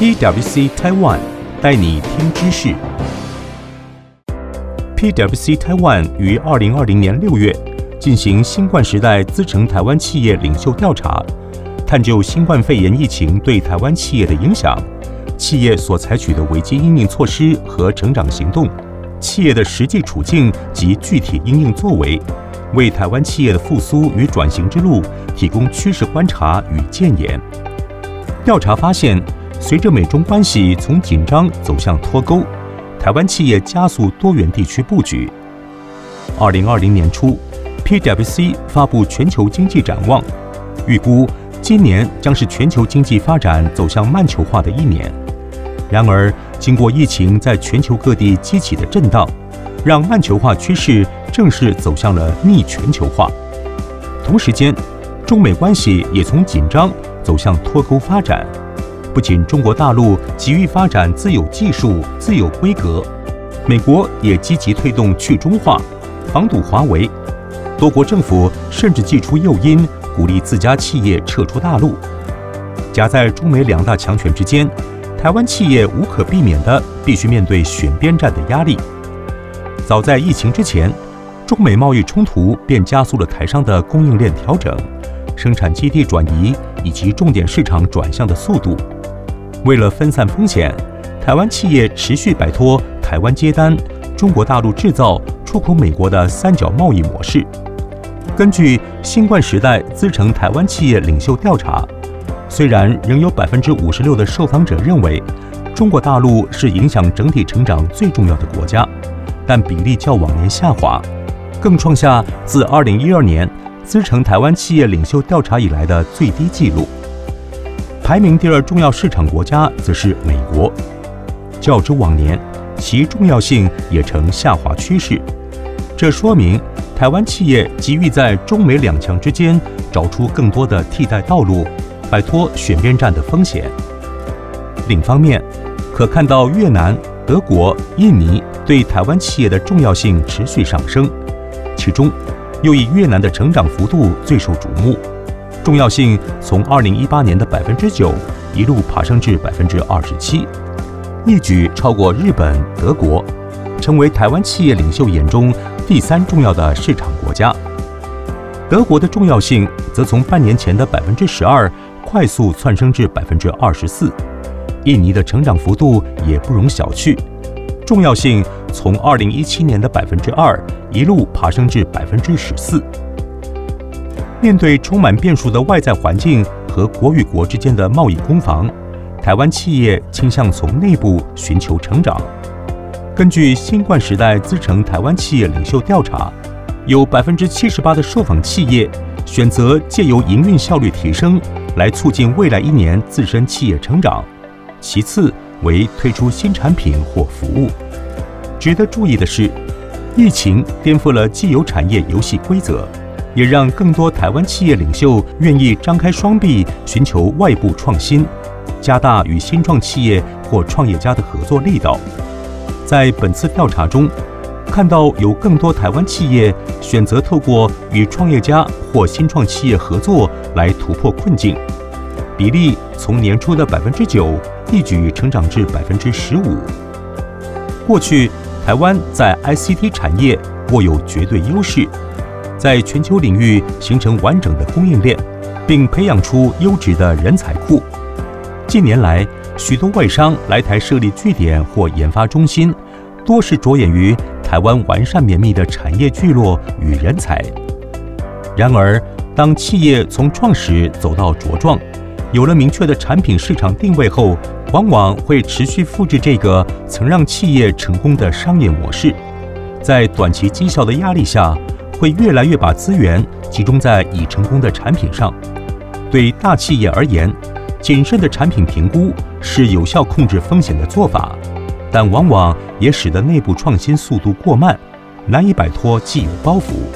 PWC Taiwan 帶你聽知識。PWC Taiwan 於二零二零年六月進行新冠時代資誠台灣企業領袖調查，探究新冠肺炎疫情對台灣企業的影響、企業所採取的危機因應措施和成長行動、企業的實際處境及具體因應作為，為台灣企業的復甦與轉型之路提供趨勢觀察與建言。調查發現。隨着美中關係從緊張走向脫鈎，台灣企業加速多元地區布局。二零二零年初，PwC 發佈全球經濟展望，預估今年將是全球經濟發展走向慢球化的一年。然而，經過疫情在全球各地激起的震盪，讓慢球化趨勢正式走向了逆全球化。同時間，中美關係也從緊張走向脫鈎發展。不僅中國大陸急於發展自有技術、自有規格，美國也積極推動去中化、防堵華為，多國政府甚至祭出誘因，鼓勵自家企業撤出大陸。夾在中美兩大強權之間，台灣企業無可避免地必須面對選邊站的壓力。早在疫情之前，中美貿易衝突便加速了台商的供應鏈調整、生產基地轉移以及重點市場轉向的速度。為了分散風險，台灣企業持續擺脫台灣接單、中國大陸製造、出口美國的三角貿易模式。根據新冠時代資誠台灣企業領袖調查，雖然仍有百分之五十六的受訪者認為中國大陸是影響整體成長最重要的國家，但比例較往年下滑，更創下自二零一二年資誠台灣企業領袖調查以來的最低紀錄。排名第二重要市場國家則是美國，較之往年，其重要性也呈下滑趨勢。這說明台灣企業急於在中美兩強之間找出更多的替代道路，擺脫選邊站的風險。另一方面，可看到越南、德國、印尼對台灣企業的重要性持續上升，其中又以越南的成長幅度最受矚目。重要性從二零一八年的百分之九一路爬升至百分之二十七，一舉超過日本、德國，成為台灣企業領袖，領袖眼中第三重要的市場國家。德國的重要性則從半年前的百分之十二快速竄升至百分之二十四。印尼的成長幅度也不容小覷，重要性從二零一七年的百分之二一路爬升至百分之十四。面對充滿變數的外在環境和國與國之間的貿易攻防，台灣企業傾向從內部尋求成長。根據新冠時代資誠台灣企業領袖調查，有百分之七十八的受訪企業選擇借由營運效率提升來促進未來一年自身企業成長，其次為推出新產品或服務。值得注意的是，疫情顛覆了既有產業遊戲規則。也讓更多台灣企業領袖願意張開雙臂尋求外部創新，加大與新創企業或創業家的合作力道。在本次調查中，看到有更多台灣企業選擇透過與創業家或新創企業合作來突破困境，比例從年初的百分之九一舉成長至百分之十五。過去，台灣在 ICT 產業握有絕對優勢。在全球領域形成完整的供應鏈，並培養出優質的人才庫。近年來，許多外商來台設立據點或研發中心，多是着眼於台灣完善綿密的產業聚落與人才。然而，當企業從創始走到茁壯，有了明確的產品市場定位後，往往會持續複製這個曾讓企業成功的商業模式。在短期績效的壓力下，會越來越把資源集中在已成功的產品上。對大企業而言，謹慎的產品評估是有效控制風險的做法，但往往也使得內部創新速度過慢，難以擺脫既有包袱。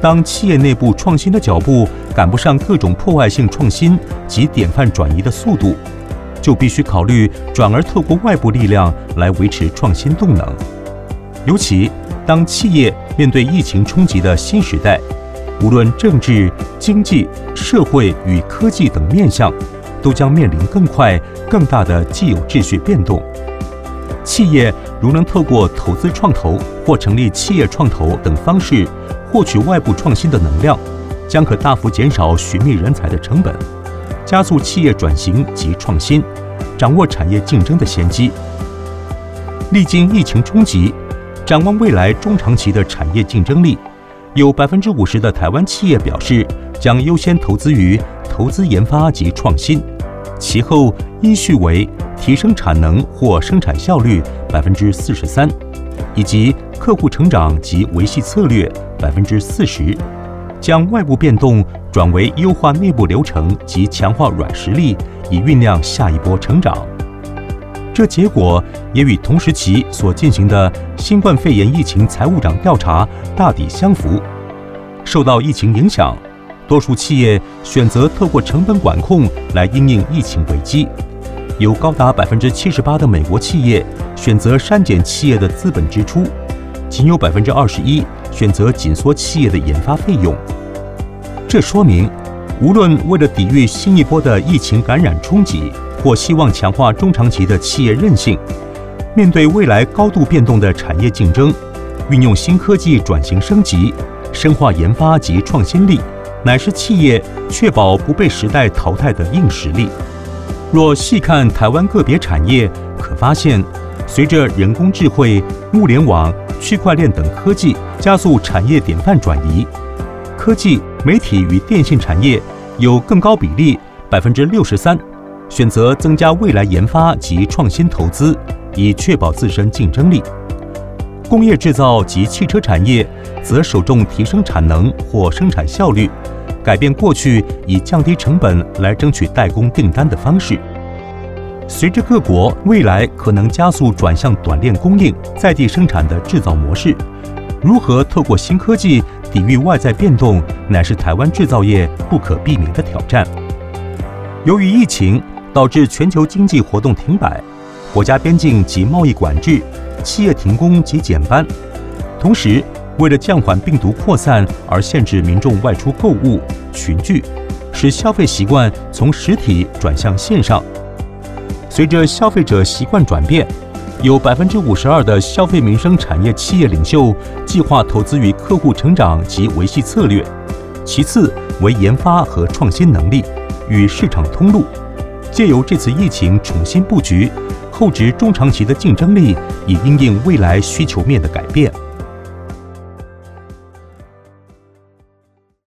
當企業內部創新的腳步趕不上各種破壞性創新及典範轉移的速度，就必須考慮轉而透過外部力量來維持創新動能。尤其當企業。面對疫情衝擊的新時代，無論政治、經濟、社會與科技等面向，都將面臨更快、更大的既有秩序變動。企業如能透過投資創投或成立企業創投等方式，獲取外部創新的能量，將可大幅減少尋覓人才的成本，加速企業轉型及創新，掌握產業競爭的先機。歷經疫情衝擊。展望未來中長期的產業競爭力，有百分之五十的台灣企業表示將優先投資於投資研發及創新，其後依序為提升產能或生產效率百分之四十三，以及客戶成長及維繫策略百分之四十，將外部變動轉為優化內部流程及強化軟實力，以醞釀下一波成長。這結果也與同時期所進行的新冠肺炎疫情財務長調查大抵相符。受到疫情影響，多數企業選擇透過成本管控來因應疫情危機，有高達百分之七十八的美國企業選擇刪減企業的資本支出，僅有百分之二十一選擇緊縮企業的研發費用。這說明，無論為了抵禦新一波的疫情感染衝擊，或希望強化中長期的企業韌性，面對未來高度變動的產業競爭，運用新科技轉型升級、深化研發及創新力，乃是企業確保不被時代淘汰的硬實力。若細看台灣個別產業，可發現，隨着人工智慧、物聯網、區塊鏈等科技加速產業典範轉移，科技、媒體與電信產業有更高比例，百分之六十三，選擇增加未來研發及創新投資，以確保自身競爭力。工業製造及汽車產業則首重提升產能或生產效率，改變過去以降低成本來爭取代工訂單的方式。隨着各國未來可能加速轉向短鏈供應、在地生產的製造模式，如何透過新科技抵禦外在變動，乃是台灣製造業不可避免的挑戰。由於疫情，導致全球經濟活動停擺，國家邊境及貿易管制，企業停工及減班。同時，為了減緩病毒擴散而限制民眾外出購物、群聚，使消費習慣從實體轉向線上。隨着消費者習慣轉變，有百分之五十二的消費民生產業企業領袖計劃投資於客戶成長及維繫策略，其次為研發和創新能力與市場通路。借由這次疫情重新布局，厚植中長期的競爭力，以因應未來需求面的改變。